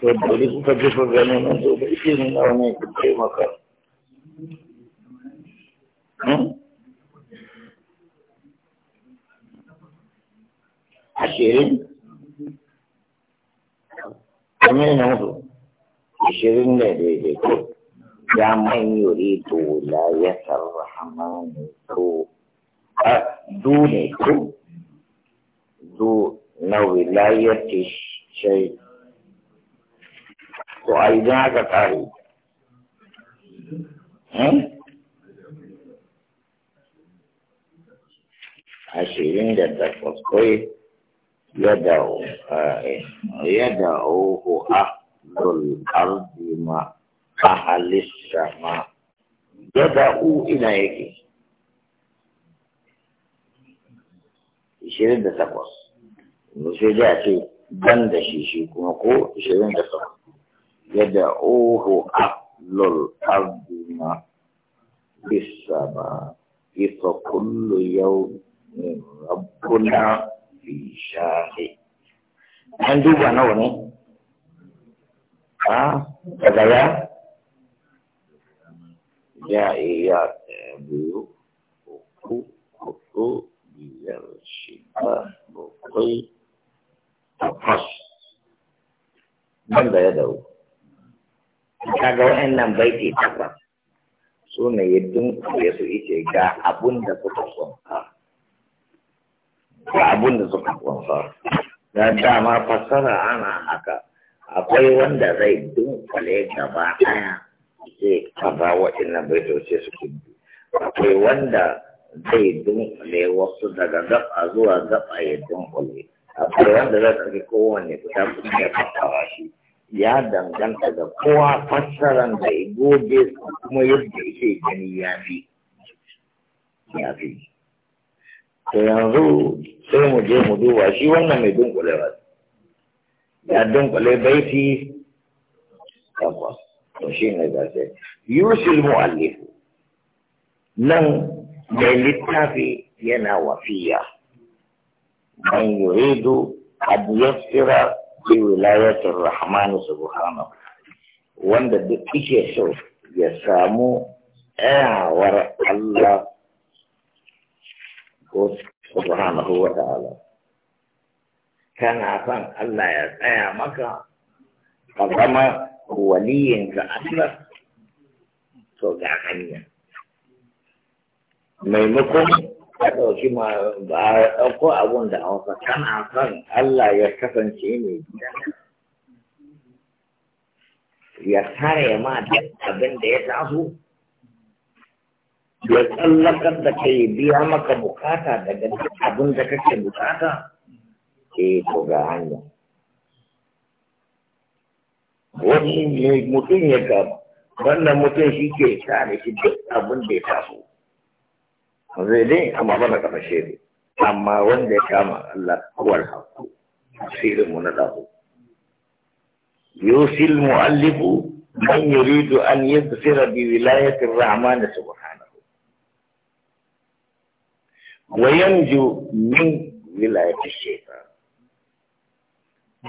to dole kuka jefa ganin nan to ba ike ne na wani ku taimaka ashirin kamar yana su ashirin da daidai ko ya man yuri to la ya sarrahamani to a dole ko zo na wilayar shaitan قائدہ کا تاریخ عشرين جدك وكوي يدعو يدعوه أهل الأرض مع أهل السماء يدعو إليك عشرين جدك وكوي نسيجاتي بندشي شيكو نقول عشرين جدك وكوي يدعوه أهل الأرض ما في السماء إذ كل يوم ربنا في شاهد an duba nawa ne a daga ya ya iya biyu uku hudu biyar shida bakwai takwas nan da ya dawo kaga wa'annan baiti takwas su ne ya dunkule su ice ga abun da suka kunsa ga abun da suka kunsa da dama fassara ana haka akwai wanda zai dunkule gaba ɗaya ce kaza wa'annan su suke akwai wanda zai dunkule wasu daga gaba zuwa gaba ya dunkule akwai wanda zai ɗauki kowanne guda kuma ya fassara shi ya danganta ga kowa fassaran da ya goge kuma yadda yake gani ya fi ya fi to yanzu sai mu je mu duba shi wannan mai dunkulewa ya dunkule baiti tabbas to shi ne za ce yusil mu'allifu nan mai littafi yana wafiya man yuridu an yassira bi wilayatir rahman subhanahu wanda duk yake so ya samu tsayawar Allah ko subhanahu wa ta'ala kana son Allah ya tsaya maka ka zama waliyinka Allah to ga hanya maimakon ka ɗauki ma ba a ɗauko abun da hausa kana son Allah ya kasance ne ya tare ma duk abin da ya taso ya tsallakar da kai biya maka bukata daga duk abin da kake bukata eh to ga hanya wani mutum ya ga wannan mutum shi ke tare shi duk abin da ya taso zai dai amma ba da kafa shiri amma wanda ya kama Allah kowar haku asirin mu na dafu yusil mu'allifu man yuridu an yadfira bi wilayatir rahman subhanahu wa yanju min wilayati shaytan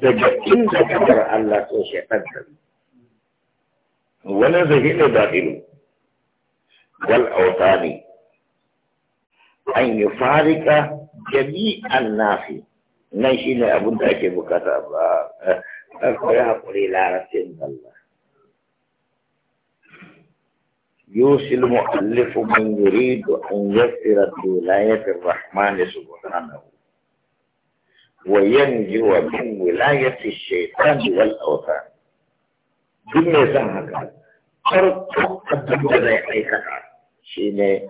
daga inda kamar Allah so shaytan ta wala zahira dalilu wal awtani أن يفارق جميع الناس nafi nan shi ne abin da إلى bukata الله يوصي المؤلف من يريد أن يسر ولاية الرحمن سبحانه وينجو من ولاية الشيطان والأوثان دم يزهق أن قد بدأ أي شيني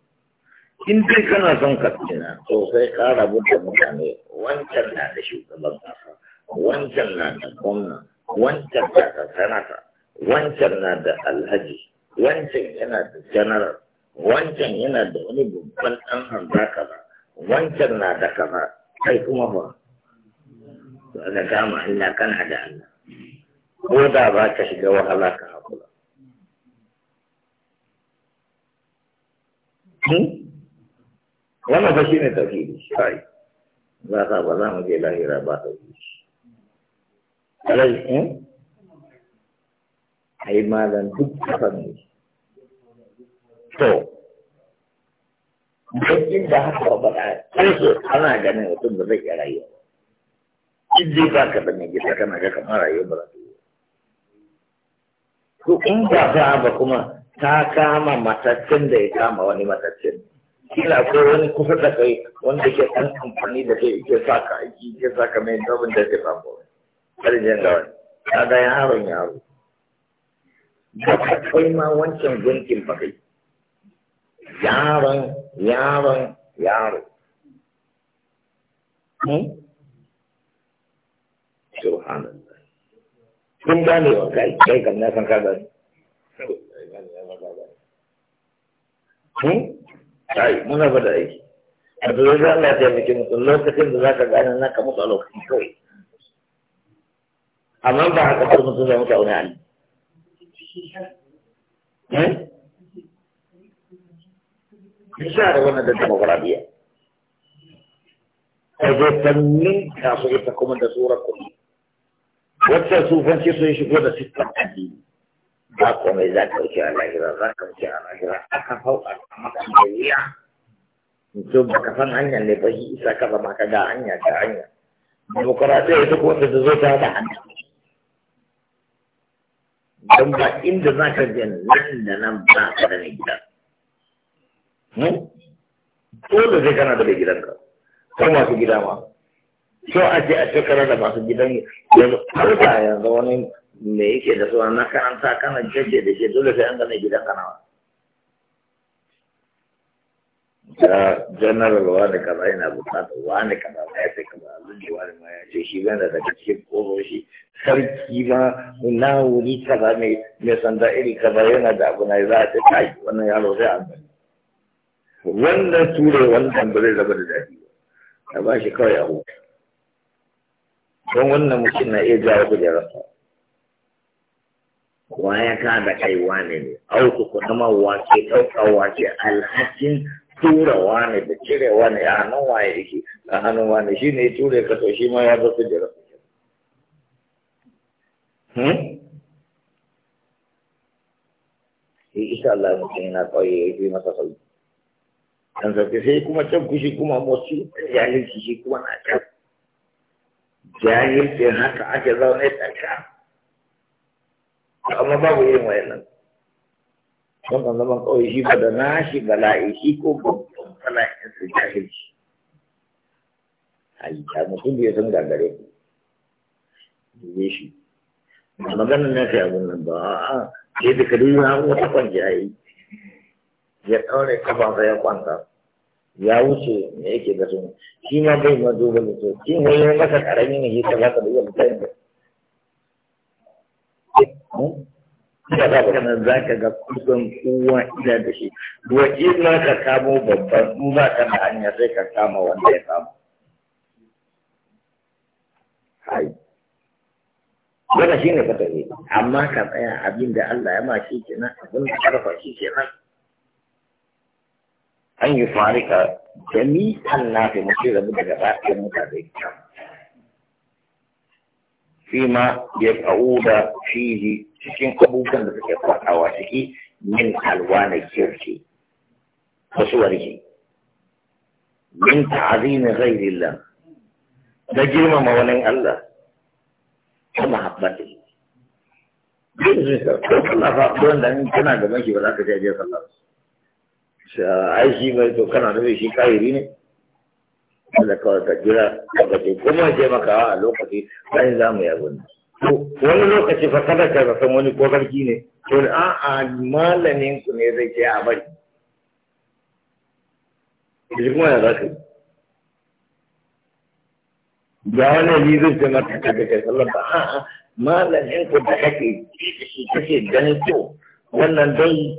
in dai kana son ka tsina to sai ka rabu da mutane wancan na da shugaban kasa wancan na da gwamna wancan na da sanata wancan na da alhaji wancan yana da janaral wancan yana da wani babban ɗan handa kaza wancan na da kaza kai kuma ba da kama Allah kana da Allah ko da ba ka shiga wahala ka Hmm? wannan fa shine tauhidi sai za ka ba za mu je lahira ba tauhidi alai eh ai malan duk kafan ne to dukkan da haka ba da kansu ana ganin mutum da zai iya rayuwa in dai ba ka da mai gida kana ga kamar rayuwa ba za ta yi to in ba ba kuma ta kama mataccen da ya kama wani mataccen kila ko wani kusa da kai wanda ke ɗan amfani da kai ke sa aiki ke sa mai dabin da ke samu ƙarfin da wani ta ga yaron yaro da ka kai ma wancan gunkin ba kai yaron yaron yaro hmm? subhanallah kun gane wa kai kai na san ka gane hmm? kai muna ba da aiki a dole Allah ya taimake mu lokacin da zaka gane na ka mutu a lokacin kawai amma ba haka ba mutum zai mutu a wani hali bisa eh? da wannan da demokuraɗiyya a zai tannin kasu ita kuma da tsoron kuɗi wacce sufanci sun shigo da sistan addini ba komai za ka wuce a lahira za ka wuce a lahira aka hau a makon jariya wuya to ba ka san hanyar ne ba shi isa ka zama ka ga hanya ga hanya ya duk wanda ta zo ta da hanya don ba inda za ka je nan da nan ba ka da mai gida hmm? dole sai kana da mai gidanka ko masu gida ma so a je a shekara da masu gidan yanzu har yanzu wani me yake da suwa na karanta kana jaje da ke dole sai an gane gidan kanawa da general da kaza yana wa ne kaza ma ya sai kaza zuji wani ma ya ce shi zan da cikin koro shi sarki ma na wuri kaza mai mai sanda iri kaza yana da abu na za a ce kai wannan yaro sai an bani wannan ture wannan ba zai zaba da daɗi ba a ba shi kawai a hutu don wannan mutum na iya jawo kujerarsa wa ya ka da kai ne, ne auku ku kuma wace ɗauka wace alhakin tura wani, da cire wani, a hannun waye yake a hannun wane shi ne ture ka to shi ma ya zo su jira shi isa Allah mutum yana na ya yi masa sauki dan sai sai kuma can kushi kuma motsi jahilci shi kuma na can jahilcin haka ake zaune tsaka amma babu irin wayannan wannan zaman kawai shi ba da nashi bala'i shi ko babban bala'in su jahilci ai ya mutum bai san gagare ku dube shi ba magana na kai abin nan ba a ke da kadu ya wata kwanci a yi ya ɗaure kafansa ya kwanta ya wuce me yake da sun shi ma bai ma duba da su shi ne ya masa ƙarami ne shi ta za ka a mutane duba za ka nan za ka ga kusan kowa ina da shi waje ka kamo babban in ba ka da hanya sai ka kama wanda ya kama hai wanda shi ne fatahi amma ka tsaya abin da Allah ya ma ke kenan abin da karfa shi kenan an yi farika jami'an nafi mutu da ba daga da ya kama. فيما يدعون فيه شكين قبوكاً لكي يطلق أواسكي من ألوان الجرسي وصوره من تعظيم غير الله نجرم مولين الله كما حبته بإذن الله فأنا فأقول أن كنا قبل شيء ولا كتاجة الله عايشي ما يتوقع نعرف شيء كايري da kawai ka jira lokaci kuma je maka a lokaci bayan za mu yabo ne wani lokaci fa kada ka san wani ko ne to a a malamin ku ne zai ce a bari ji kuma ya yi. ga wani yi zai ce maka ka ga sallar ba a a malamin ku da kake shi kake ganin to wannan dai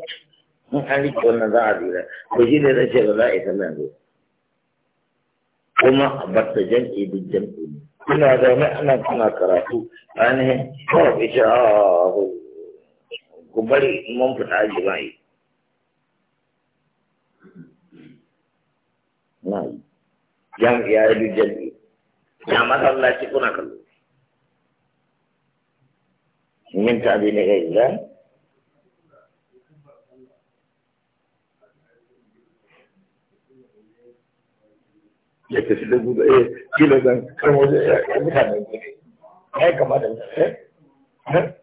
in an rike wannan za a lura Ko shi ne zai ce ba za a yi sallar ba kuma a bar ta jam'i duk jam'i ne ina zaune ana kuna karatu ainihin kawai ita ku bari mun fita aji ba yi na yi jam'i ya yi duk jam'i ya masallaci kuna kallo min tabi ne ga idan eh? ya tafi da gudu eh kila zan kan waje ya mutane ne ya kamata ne eh, eh.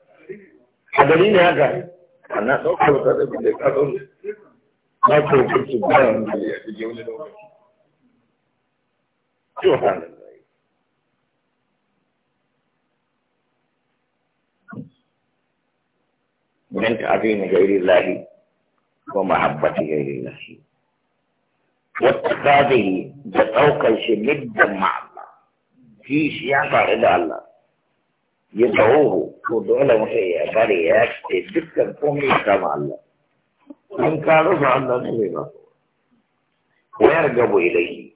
a gari ne haka ana ɗaukar ta da gudu ka zo na ko kurci bayan da ya ke wani lokaci to hanan من تعظيم غير الله ومحبة غير الله واتخاذه بطوكا شمدا مع الله في شيء يعطى إلى الله يدعوه ودعوه له شيء بري يكفي كومي قومي كما الله من كان رفع الله سبحانه ويرجب إليه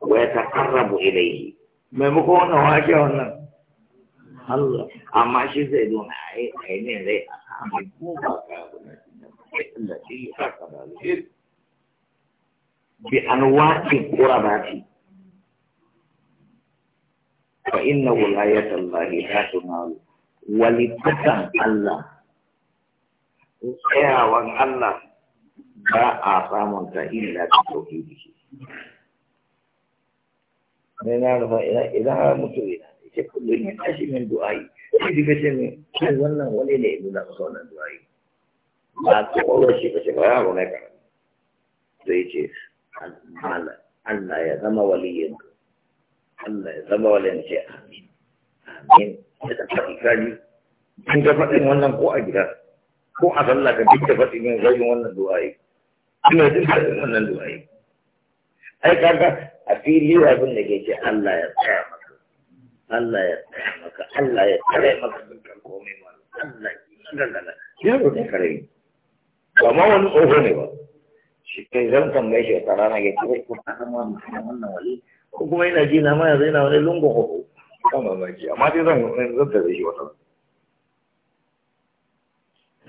ويتقرب إليه ما يكون واجه الله أما شيء سيدون دون عينين زي أخامي مو بقى التي أخذ الشرك بأنواع القربات فإن ولاية الله لا تنال ولتكن الله وان الله باء سامنت إلا بتوحيده من أعرف إذا إذا متوين كل من أشي من دعائي إذا كشم كل ولا ولا لا ولا ولا دعائي ما تقول شيء كشم ولا ولا كلام زي كذا Allah ya zama waliyin Allah ya zama waliyin ce amin amin da ta faɗi kari. kin ga faɗin wannan ko a gida ko a sallah ka duk da faɗin yin zagin wannan du'a'i ina jin faɗin wannan du'a'i ai kaga a fili abin da ke ce Allah ya tsaya maka Allah ya tsaya maka Allah ya tsare maka dukkan komai ma Allah ya tsaya maka ya roƙe kare ba ma wani tsoho ne ba shi kai zan tambaye shi wata rana ya ce ko ta kama mutum wannan wali ko kuma yana ji na ma yanzu yana wani lungun hoho kan mamaki amma dai zan zan da shi wata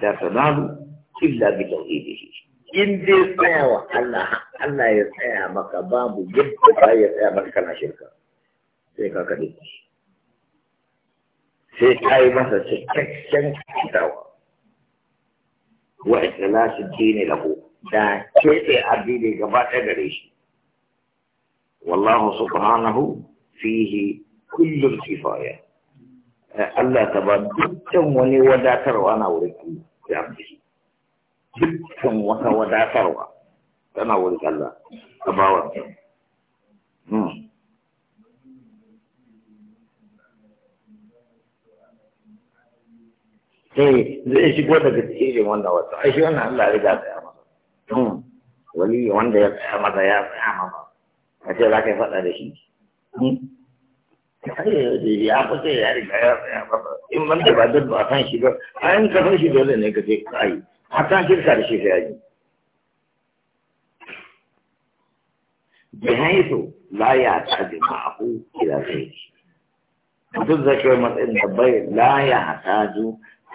da tanalu illa bi tauhidihi in dai tsaya wa Allah Allah ya tsaya maka babu yadda ba ya tsaya maka kana shirka sai ka kaɗe sai ka yi masa cikakken kitawa wa ikhlasu dini lahu da keɓe addini gaba ɗaya gare shi wallahu subhanahu fihi kullum kifaya Allah ta ba dukkan wani wadatarwa na wurin Allah ya amshi dukkan wata wadatarwa tana wurin Allah ta ba wa sai zai shigo daga cikin wannan wata ai shi wannan Allah ya riga da Hmm. wali wanda ya tsaya mata ya tsaya mata a ce za ka yi faɗa da shi hmm. ya fice ya riga ya tsaya mata in ban da ba duk ba san shi ba a yin ka shi dole ne ka ce kai a kan shirka da shi sai ya ji بحيث لا يحتاج معه إلى غيره تتذكر مسألة البيت لا يحتاج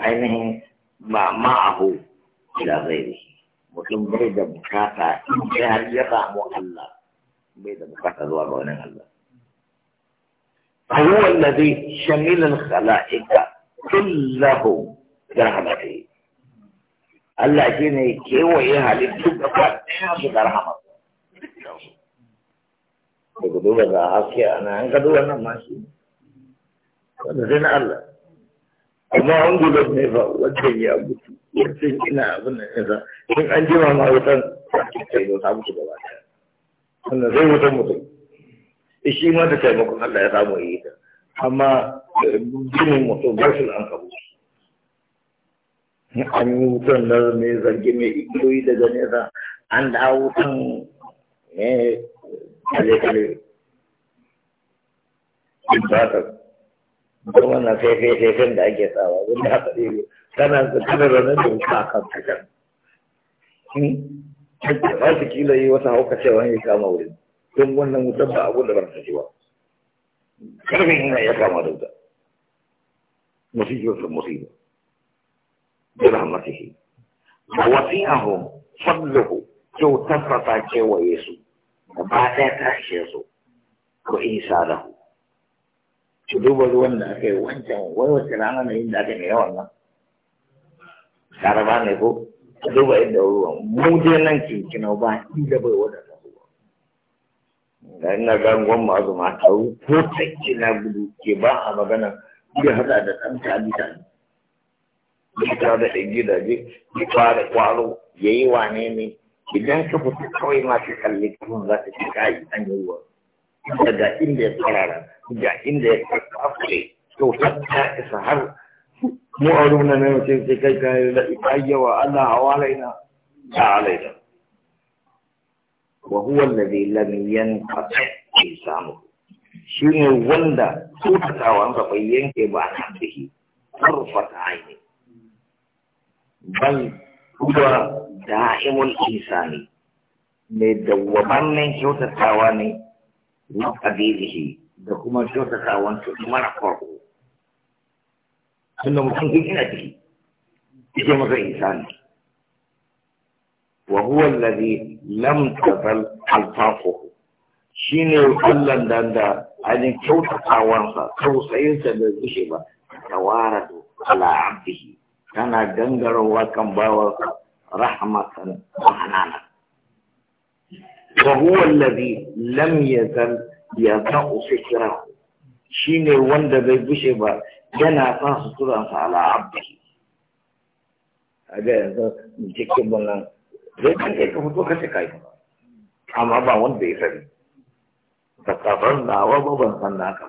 عينه معه إلى غيره mutum bai da bukata in dai har ya samu Allah bai da bukata zuwa ga wani Allah فهو الذي شمل الخلائق كلهم برحمته الله شيني كيوي هالتوب da rahama. daga duba a haske ana an gado wannan mashi wanda zai na Allah amma an gudu ne ba wajen ya mutu mutum ina abin da yanzu in an jima ma wutan sai zo samu shi gaba ɗaya wannan zai wutan mutum eh, shi ma da taimakon Allah ya samu yi ta amma eh, ginin mutum ba shi an kabu an yi wutan na mai zargi mai igiyoyi daga nesa an dawo wutan ne kale-kale. Ibadar. da wannan fefe-fefen da ake tsawa wanda aka ɗebe kana kana ranar da wuta a kan kajan hmm? ba su kila yi wata hauka wani ya kama wurin don wannan wutar ba abu da ban sani ba karfin ina ya kama da wuta musibar sun musibar da rahmatihi da wasi'ahu fadluhu kyautar fata kewaye su gaba ɗaya ta ishe su ko da ku. ku duba ruwan da aka yi wancan wai wace rana ne inda aka yi wannan nan karaba ne ko ku duba yadda ruwan mu dai nan kinkina ba inda bai wadata ruwa da ina gangon masu mata ko tsakki na gudu ke ba a magana iya hada da ɗan tabi tabi ya ta da ɗan gidaje ya fara kwaro ya yi wane ne idan ka fita kawai ma ka kalli kuma za ta ci kayi an yi ruwan daga inda ya tsarara ga inda ya tsarkafle to hatta isa har mu a rumuna na yau sai kai kayan da ikayyawa Allah hawalaina ta alaina wa huwa alladhi lam yanqata isamu ne wanda tutatawan sa bai yanke ba a cikin tarfata aini bal huwa da'imul insani mai dawwamannin kyautatawa ne وقبيله da kuma kyautata wancan mara farko tunda mutum duk ina ciki ita masa insani wa huwa alladhi lam tazal alfaquhu shine Allah dan da ajin kyautatawansa tausayinsa da gushe ba tawaradu ala abdihi tana gangarowa kan bawa rahmatan wa hananan وهو الذي لم يزل يضع فكره شيني وند بيبشي با yana sa suturansa ala abdi a ga yanzu cikin wannan zai kan ka fito ka ce amma ba wanda ya sani da kafar nawa ba ban san naka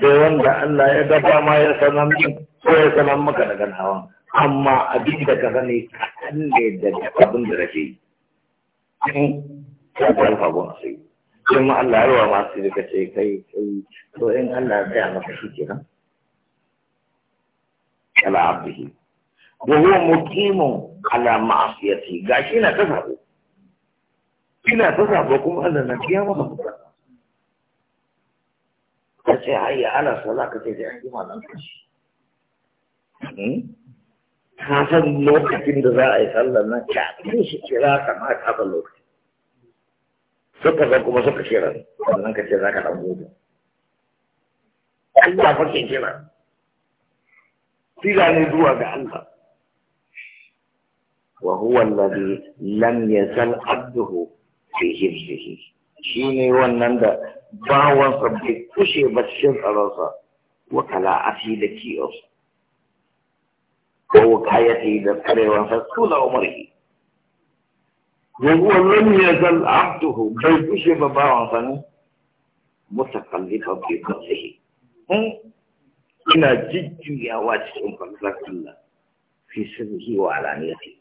sai wanda Allah ya ga dama ya sanar min ko ya sanar maka daga nawa amma abin da ka sani kaɗan ne daga abin da nake yi in ka ga rufa ba su yi ma Allah ya ruwa masu da kace kai kai to in Allah ya tsaya maka shi kenan ala abdihi wa huwa muqimun ala ma'siyati gashi na ta sabo ina ta sabo kuma Allah na kiyama maka kace hayya ala salaka kace kima malan kashi hmm? ka san lokacin da za a yi sallar nan kafin shi kira ka ma ka san lokacin suka san kuma suka kira sannan ka ce za ka dan gudu Allah fa ke kira tira ne zuwa ga Allah wa huwa alladhi lam yasal abduhu fi Shi ne wannan da bawansa bai kushe ba cikin tsaronsa wa kala'ati da kiyarsa ووقايته ذكره وفصول عمره وهو لم يزل عبده بيبش ببعضا متقلبا في قلبه إلى جد يا واجه فضلك الله في سره وعلانيته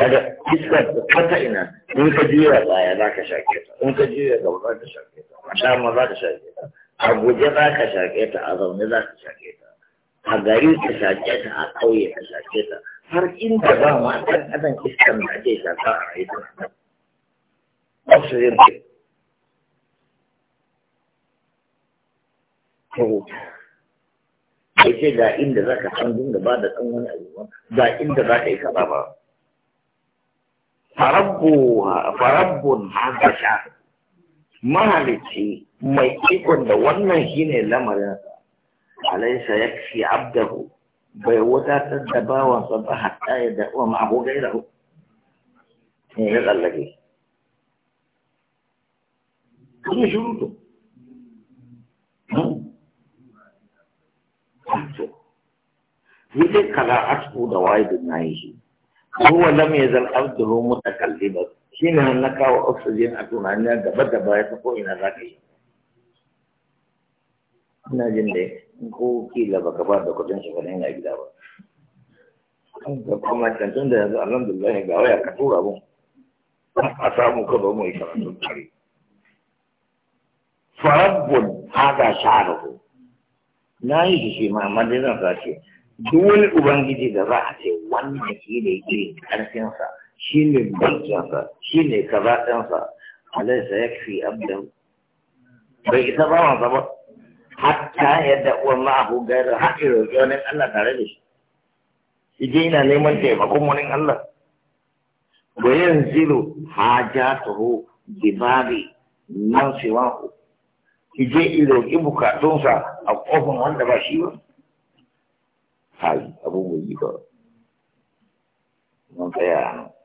هذا iskar kasa ina in ka juya baya za ka shaƙe ta in ka juya gaba za ka shaƙe ta a ma za ka shaƙe ta a guje za ka shaƙe ta a zaune za ka shaƙe ta a gari ta shaƙe ta a ƙauye ta shaƙe ta har inda ba ma ɗan adam iskan da ake shaƙa a rayu ta oxygen ke ya ce ga inda za ka san dinga ba da ɗan wani abubuwa ga inda za ka yi kaɗa ba farabbun sha mahalicci mai ikon da wannan shine lamarinsa أليس يكفي عبده بيوتا تدبا وصبا حتى يدعو معه غيره إيه، هذا الذي كل شروطه يجي قراءته دوائد النعيش هو لم يزل عبده متكلما حين هنك وأكسجين اكون أن يدبا دبا يتقو إلى ذاك ناجن ليه ko kila baka ba da kudin shi kadan yana gida ba da kuma cancan da yanzu alhamdulillah ga waya ka tura mun a samu ka ba mu yi karatu tare farabbun haga sha'aruhu na yi shi shi ma amma dai zan sace duk wani ubangiji da za a ce wannan shi ne irin ƙarfinsa shi ne mulkinsa shi ne kaza ɗinsa alaisa ya fi abdan bai isa ba mansa ba hatta yadda wallahu gairar haƙi roƙi wani Allah tare da shi ije yana neman taimakon wani Allah wa yanzilu hajatuhu bi babi man siwahu ije i roƙi bukatunsa a ƙofin wanda ba shi ba hai abun bai yi ba mun tsaya